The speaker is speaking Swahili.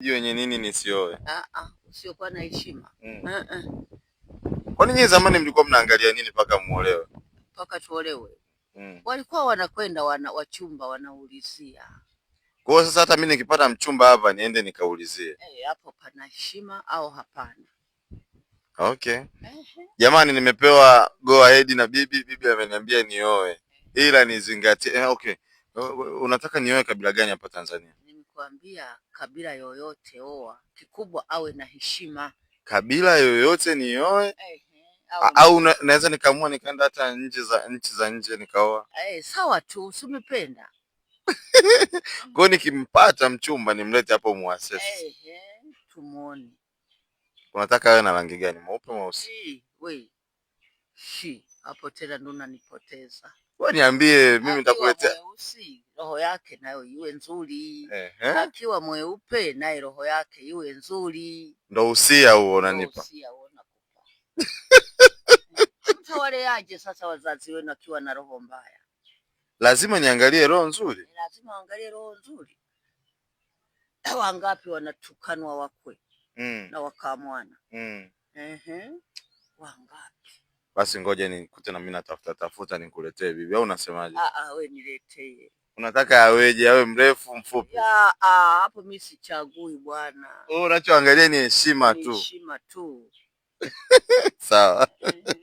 hiyo yenye nini nisioe? Ah ah, usiokuwa na heshima. Mm. Ah eh, ah. Eh. Kwani nyinyi zamani mlikuwa mnaangalia nini mpaka muolewe? Mpaka tuolewe. Mm. Walikuwa wanakwenda wana wachumba wanaulizia. Kwa hiyo sasa hata mimi nikipata mchumba hapa niende nikaulizie. Eh, hey, hapo pana heshima au hapana? Okay. Jamani nimepewa go ahead na bibi, bibi ameniambia nioe. Ila nizingatie. Eh, okay. Unataka nioe kabila gani hapa Tanzania? kuambia kabila yoyote oa, kikubwa awe na heshima. Kabila yoyote nioe au naweza nikaamua nikaenda hata nchi za nchi za nje nikaoa. Eh, sawa tu, simependa kwa nikimpata mchumba nimlete hapo muasisi. Eh, tumuone. Unataka awe na rangi gani? Mweupe, mweusi? hapo tena ndo unanipoteza. Wewe niambie mimi nitakuletea. Mweusi roho yake nayo iwe nzuri eh, eh? Akiwa mweupe naye roho yake iwe nzuri. Ndo usia huo unanipa mtawaleaje? Sasa wazazi wenu akiwa na roho mbaya, lazima niangalie roho nzuri, eh, lazima waangalie roho nzuri. Wangapi wanatukanwa wakwe mm. na wakamwana mm. ehe, wangapi? Basi ngoja nikute na mimi natafuta tafuta nikuletee bibi, au unasemaje? Ah, ah, wewe niletee Unataka aweje? Awe mrefu mfupi? Hapo mimi sichagui bwana. Unachoangalia ni heshima tu, heshima tu. Sawa. Eh, eh.